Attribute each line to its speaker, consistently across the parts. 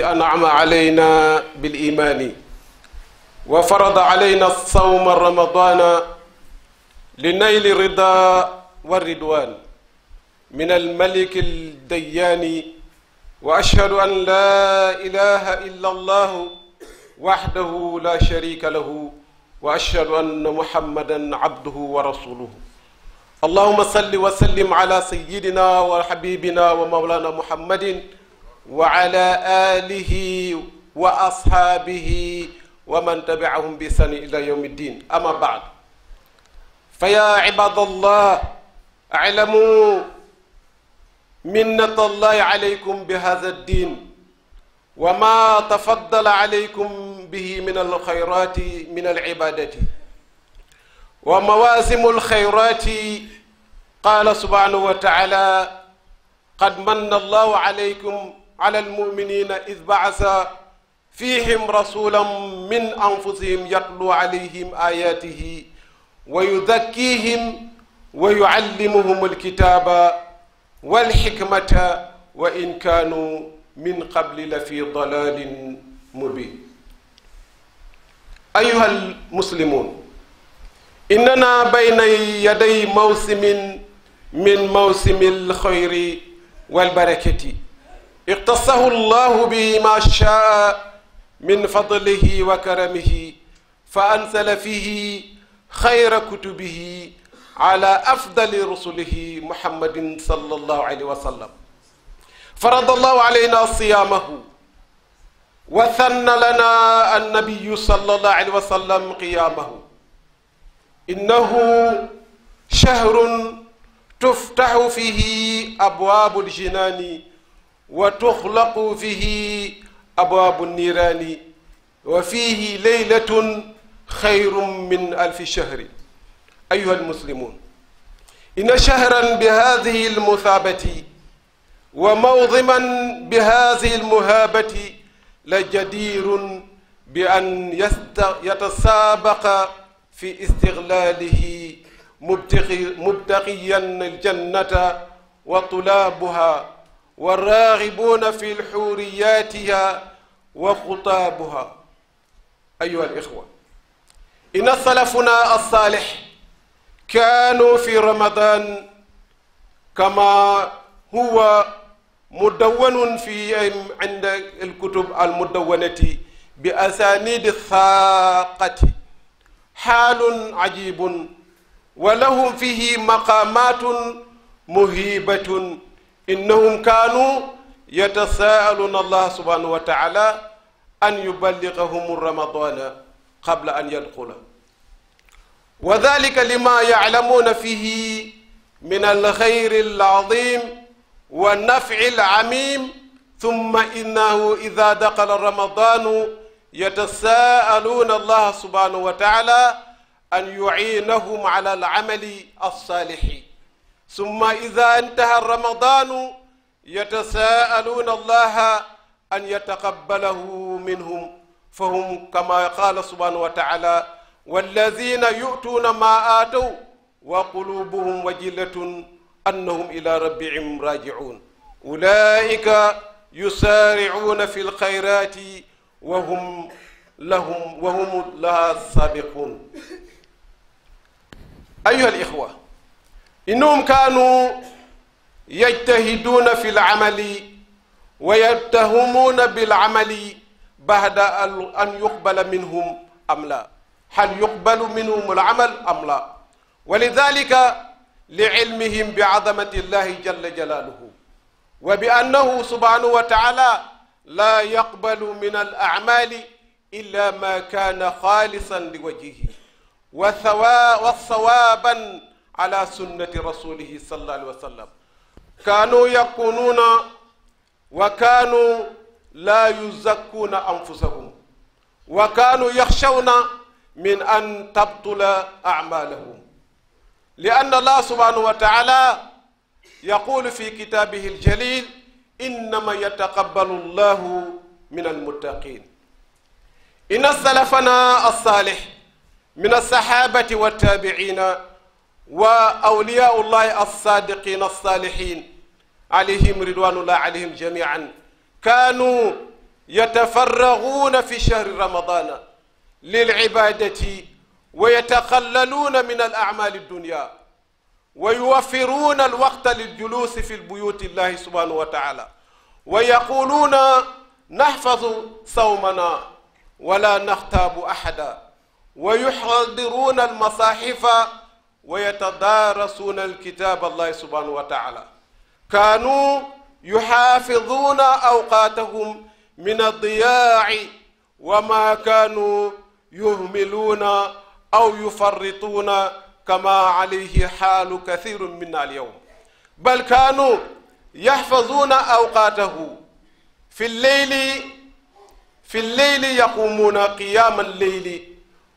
Speaker 1: الذي أنعم علينا بالإيمان وفرض علينا الصوم رمضان لنيل الرضا والردوان من الملك الديان وأشهد أن لا إله إلا الله وحده لا شريك له وأشهد أن محمدا عبده ورسوله اللهم صل وسلم على سيدنا وحبيبنا ومولانا محمد wa ala alihi wa ashaabihi wa man tabiahum bi ihsani ila yawmi ddin ama baad fa ya ibadallah alamu minnata allahi alaykum bi hada addin wa ma tafaddala alaykum bihi min alxayrati min alibadati wa mawaasimu alxayrati qaala subhanahu wa taala qad manna allahu alaykum ala almuminina id baasa fihim rasulan min anfusihim yatlu alayhim ayatihi wa yuzakkihim wa yuallimuhum alkitaba walxikmata wa in kaanu min qabli la fi dalalin mubin ayuha almuslimun innana bayna yaday mawsimin min mawsimi alxayri walbarakati ixtasahu llahu bihi ma shaa min fadlihi wa karamihi fa ansala fihi xayra kutubihi ala afdali rusulihi muhammadin sallallahu alayhi wa sallam farada allahu alayna siyaamahu wa sanna lana annabiyu sallallahu alayhi wa sallam qiyaamahu innahu shahrun tuftaxu fihi abwaabul jinaani wa tuxlaqu fihi abwaabu niiraani wa fihi leylatun xayrun min alfi shahri ayuha almuslimun inna shahran bi hadihi almusaabati wa mawdiman bi hadihi almuhaabati la jadirun bi an yatasaabaqa fi istiglalihi mubtaqiyan aljannata wa tulaabuha wa raaxibuuna fi xuuriyaatiha wa xutaabuha ayuha alixwa inna salafuna alsaalix kaanu fi ramadan kama huwa mudawwanun fi inda alkutub almudawwanati bi asaanidi saaqati xaalun cajibun wa lahum fihi maqaamatun muhibatun innahum kaanu yatasaaluuna allah subhanahu wa taala an yuballigahum ramadana qabla an yadxula wa dalika lima yaclamuuna fihi min alxayri alazim wa nafci alcamim thumma innahu ida daxala ramadanu yatasaaluuna allah subhanahu wa taala an yuciinahum ala alcamali alsaalixi summa ida intaha ramadaanu yatasaaluuna allaha an yataqabbalahu minhum fa hum kama qaala subhanahu wa taala walladina yu'tuuna maa aataw wa qulubuhum wajilatun annahum ila rabbihim raaji'uun ulaa'ika yusaari'uuna fi lxayraati wa hum lahum wa hum lahaa saabiquun ayyuha al-ixwa innahum kaanu yajtahiduuna fi lamali wa yattahumuuna bilamali bahda an yuqbala minhum am la hal yuqbalu minhum alamal am la wa lidalika liilmihim biazamati illahi jalla jalaaluhu wa bi annahu subhanahu wa taala laa yaqbalu min alacmali illa ma kaana xaalisan liwajhihi wa sawa wa sawaaban ala sunnati rasulihi sallallahu alayhi wa sallam kaanu yakunuuna wa kaanu laa yuzakkuuna anfusahum wa kaanu yaxshawna min an tabtula acmaalahum li anna allah subhanahu wa taala yaqulu fi kitaabihi aljalil innama yataqabbalu allahu min almuttaqin inna salafana alsaalih min alsaxaabati waltaabicina wa awliyaullahi alsadiqin alsalihin alayhim ridwanullah alayhim jamian kaanu yatafarraguuna fi shahri ramadana lilcibadati wa yataxallaluuna min alacmali aldunya wa yuwaffiruuna alwaqta liljuluusi fi buyuti illahi subhanahu wa taala wa yaquluuna naxfazu sawmana wala naxtaabu axada wa yuxadiruuna almasaxifa wa yatadaarasuuna alkitaab allahi subhanahu wa taala kaanuu yuxaafiduuna awqaatahum min addiyaaci wa maa kaanuu yuhmiluuna aw yufarrituuna kama alayhi xaalu kathirun minna alyawm bal kaanuu yaxfaduuna awqaatahu fi lleyli fi lleyli yaquumuuna qiyaama alleyli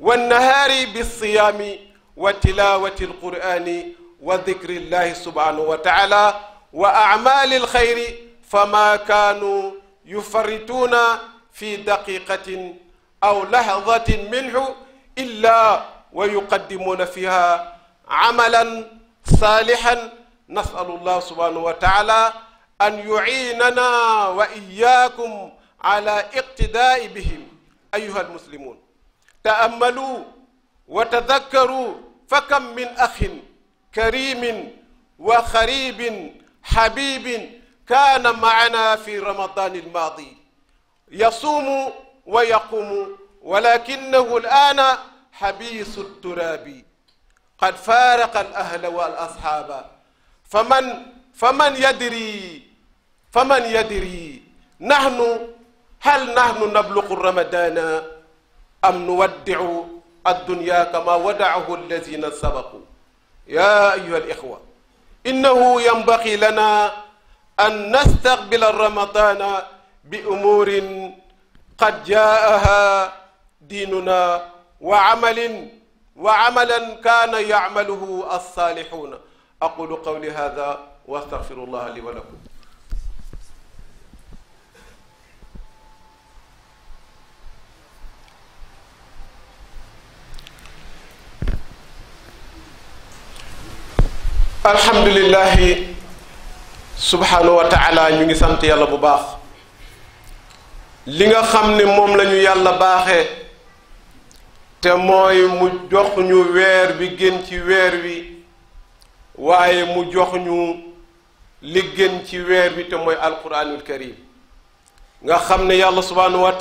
Speaker 1: wannahaari bilsiyaami wa tilawati alqur'ani wa dhikri llahi subhanahu wa taala wa acmaali alxayri fama kaanu yufarrituuna fi daqiqatin aw lahdatin minhu illa wa yuqaddimuuna fiha amalan saalixan nasalu llah subhanahu wa taala an yuciinana wa iyaakum ala iqtidaai bihim ayuha almuslimun taammaluu wa tadakkaruu fa kam min axin karimin wa xaribin xabibin kaana maana fi ramadan almaadi yasuumu wa yaquumu walakinahu alaana xabiisu turaabi qad faaraqa alahla wa alasxaaba faman faman yadri faman yadri nahnu hal nahnu nabluqu ramadana am nuwaddicu الدنيا كما ودعه الذين سبقوا يا أيها الإخوة إنه ينبغي لنا أن نستقبل رمضان بأمور قد جاءها ديننا وعمل وعملا كان يعمله الصالحون أقول قولي هذا وأستغفر الله لي ولكم alhamdulilahi subhanahu wa ñu ngi sant yàlla bu baax li nga xam ne moom lañu yàlla baaxe te mooy mu jox ñu weer bi gën ci weer wi waaye mu jox ñu li gën ci weer wi te mooy alquranul karim nga xam ne yàlla subhanahu wa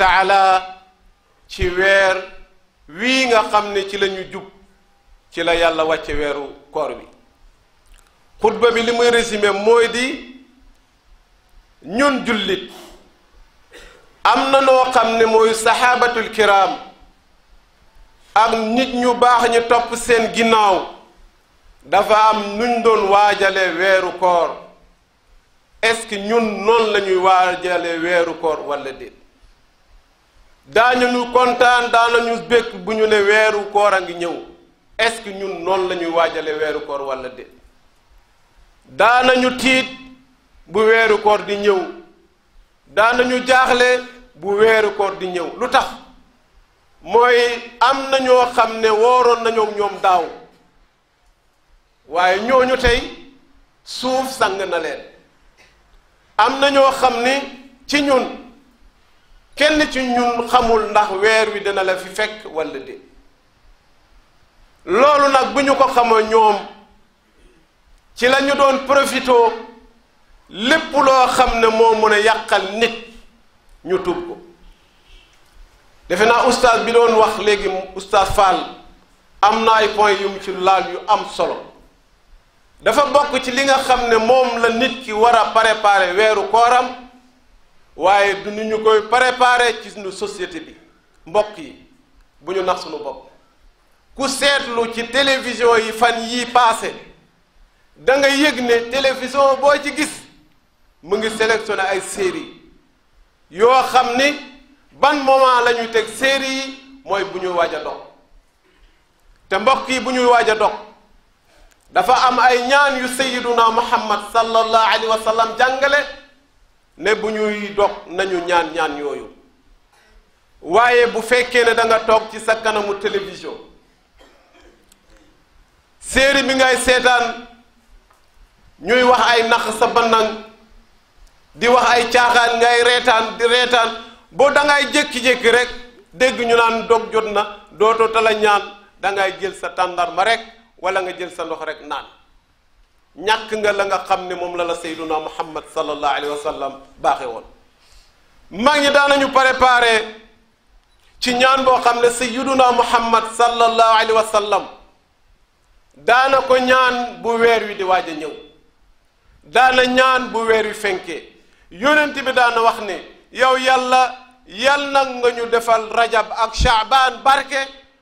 Speaker 1: ci weer wii nga xam ne ci la ñu jub ci la yàlla wàcce weeru koor bi xutba bi li muy résumé mooy di ñun jullit am na noo xam ne mooy saxaabatul kiraam ak nit ñu baax ñu topp seen ginnaaw dafa am nuñ doon waajale weeru koor est-ce que ñun noon la ñuy waajale weeru koor walla déet daañu ñu kontaan daanañu békk bu ñu ne weeru koor a ngi ñëw est-ce que ñun noonu la ñuy waajale weeru koor walla déet daanañu tiit bu weeru di ñëw daanañu jaaxle bu weeru koor di ñëw lu tax mooy am na ñoo xam ne wooroon nañoo ñoom daaw waaye ñooñu tey suuf sang na leen am na ñoo xam ni ci ñun kenn ci ñun xamul ndax weer wi dina la fi fekk walla de loolu nag bu ñu ko xamoo ñoom ci la ñu doon profitoo lépp loo xam ne moo mën a yàqal nit ñu tuub ko defe naa ustaas bi doon wax léegi ustaas Fall am na ay point yu mu ci laal yu am solo dafa bokk ci li nga xam ne moom la nit ki war a préparer weeru kooram waaye du ñu koy préparer ci suñu société bi mbokk yi bu ñu nax suñu bopp ku seetlu ci télévision yi fan yi paase da yég yëg ne télévision boo ci gis mu ngi sélectionné ay séeri yoo xam ni ban moment lañuy teg série yi mooy bu ñuy waaj a dog te mbokk yi bu ñuy waaj a dog dafa am ay ñaan yu sayiduna muhammad sallallahu alayhi wa sallam jàngale ne bu ñuy dog nañu ñaan ñaan yooyu waaye bu fekkee ne danga toog ci sa kanamu télévision série bi ngay seetaan ñuy wax ay nax sa bannang di wax ay caaxaan ngay reetaan di reetaan boo da ngay jékki-jékki rek dégg ñu naan dog jot na dootoo tala ñaan dangay jël sa tàndarma rek wala nga jël sa ndox rek naan ñàkk nga la nga xam ne moom la la sayduna muhammad sallallahu alayhi wa sallam baaxe woon mag ñi daanañu préparé ci ñaan boo xam ne sayduna muhammad sallallahu alayhi wa sallam daana ko ñaan bu weer wi di waaj a ñëw daana ñaan bu weer wi fenkee yonent bi daana wax ne yow yàlla yal na nga ñu defal rajab ak shaabaan barke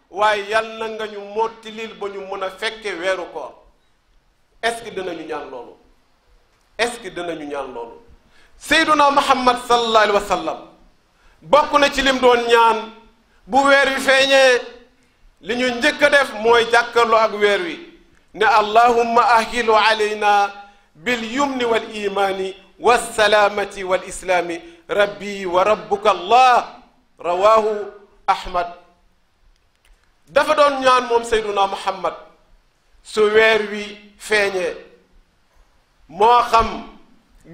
Speaker 1: waaye yal na nga ñu mottilil ba ñu mën a fekkee weeru ko est-ce que dinañu ñaan loolu est-ce que dinañu ñaan loolu seyduna muhammad sallallahu bokk na ci lim doon ñaan bu weer wi feeñee li ñu njëkk a def mooy jàkkarloo ak weer wi ne allahumma ahilu alayna bilyumni wal imaani wassalaamati wal islaami rabbi wa rabbuka allah rawaahu ahmad dafa doon ñaan moom seyduna muhammad su weer wi feeñee moo xam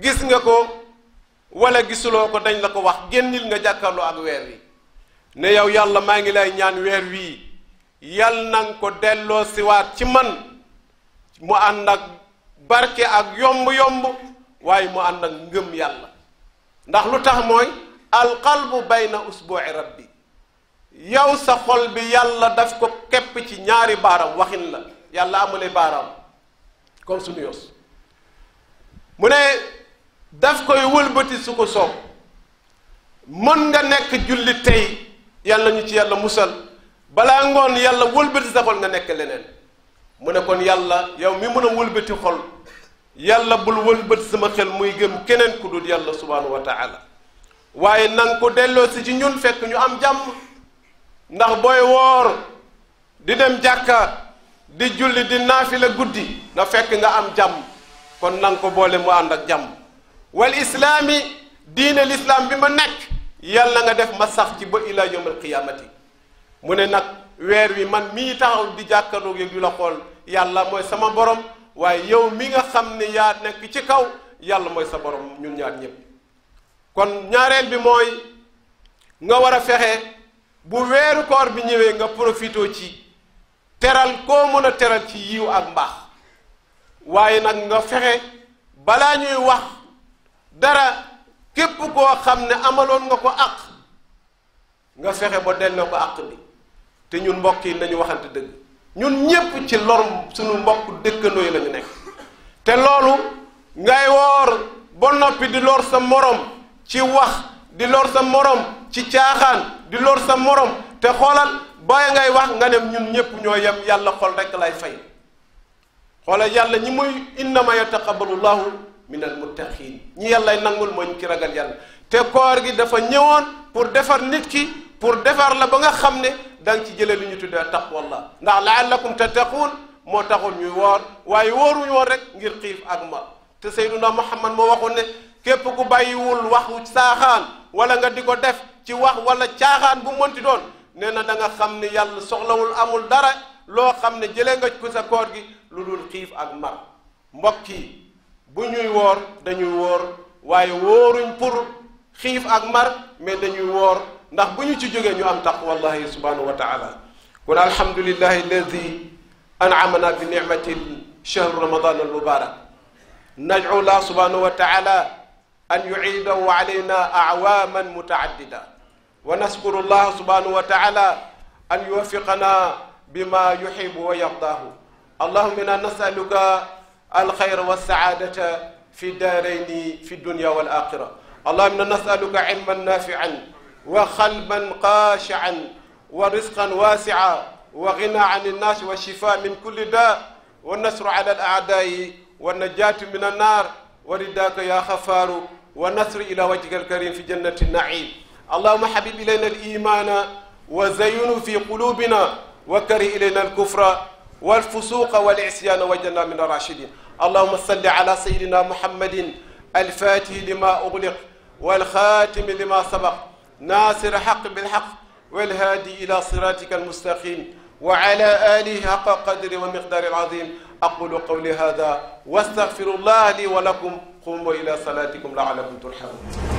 Speaker 1: gis nga ko wala gisuloo ko dañ la ko wax génnil nga jàkkaarloo ak weer wi ne yow yàlla maa ngi lay ñaan weer wii yal nan ko delloo siwaat ci man mu ànd ak barke ak yomb-yomb waaye mu ànd ak ngëm yàlla ndax lu tax mooy alqalbu bayna usbu'i bi yow sa xol bi yàlla daf ko kepp ci ñaari baaraam waxin la yàlla amule baaraam comme suñu yos mu ne daf koy wëlbati su ko soob mën nga nekk julli tey yàlla ñu ci yàlla musal balaa ngoon yàlla wëlbati sa xol nga nekk leneen mu ne kon yàlla yow mi mën a wëlbati xool yàlla bul wëlbati sama xel muy gëm keneen ku dul yàlla subhaanahu wa taala waaye nanga ko delloosi ci ñun fekk ñu am jàmm ndax booy woor di dem jàkka di julli di naafila guddi na fekk nga am jàmm kon nanga ko boole mu ànd ak jàmm wal islaami diina lislaam bi ma nekk yàlla nga def ma sax ci ba ilaa yawmal qiyaamati mu ne nag weer wi man mii taxaw di jàkkaarloo yëg yu la xool yàlla mooy sama borom waaye yow mi nga xam ne yaa nekk ci kaw yàlla mooy sa borom ñun ñaar ñëpp kon ñaareel bi mooy nga war a fexe bu weeru koor bi ñëwee nga profité ci teral koo mën a teral ci yiw ak mbaax waaye nag nga fexe balaa ñuy wax dara képp koo xam ne amaloon nga ko àq nga fexe ba delloo ko àq bi te ñun mbokk yi nañu waxante dëgg ñun ñépp ci lor suñu mbokk dëkkandoo lañu la nekk te loolu ngay woor ba noppi di lor sa moroom ci wax di lor sa morom ci caaxaan di lor sa moroom te xoolal bàyyi ngay wax nga ne ñun ñépp ñoo yem yàlla xool rekk lay fay xoolal yàlla ñi muy innama yataqabbalu llahu min al muttaqin ñi yàllay nangul mooñ ki ragal yàlla te koor gi dafa ñëwoon pour defar nit ki pour defar la ba nga xam ne da ci jëlee lu ñu tuddee taqwallah ndax laallakum tattaquun moo taxoon ñuy woor waaye wooruñu woor rek ngir xiif ak mar te Seyduna Muhammad moo waxoon ne képp ku bàyyiwul waxu saaxaan wala nga di ko def ci wax wala caaxaan bu mënti doon nee na da xam ne yàlla soxlawul amul dara loo xam ne jëlee nga ko sa koor gi lu dul xiif ak mar mbokk yi bu ñuy woor dañuy woor waaye wóoruñ pour xiif ak mar mais dañuy woor ndax bu ñu ci jógee ñu am taqwallahi subhanahu wa taala kon alhamdulillahi alladi anamana bi nicmati shahru ramadan almubarak nadcu la subhanahu wa taala an yucidahu alayna acwaman mutaaddida wa naskuru llah subhanahu wa taala an yuwaffiqana bima yuxibu wa yardahu allahuma inna nasaluka alxayra walsacaadata fi daarayni fi dunya wal axira allahuma inna nasaluka cilman nafian wa xalban xaashian wa risqan waasiaa wa gina an innaas wa shifa min kulli daa wa nasru ala alaadaayi wa najaatu min annaar wa ridaaka yaa xafaaru wa nasru ila wajhika alkarim fi jannati naim allahuma habib ilayna alimana wa zayinu fi qulubina wa kari ilayna alkufra والفسوق والعصيان وجنا من الراشدين اللهم صل على سيدنا محمد الفاتح لما أغلق والخاتم لما سبق naasir xaq bilxaq walhaadi ila siratika almustaqim wa ala alihi xaqa qadri wa miqdaari alazim aqulu qawli hada wastaxfiru llah li wa lakum qumu ila salatikum laalakum turhamun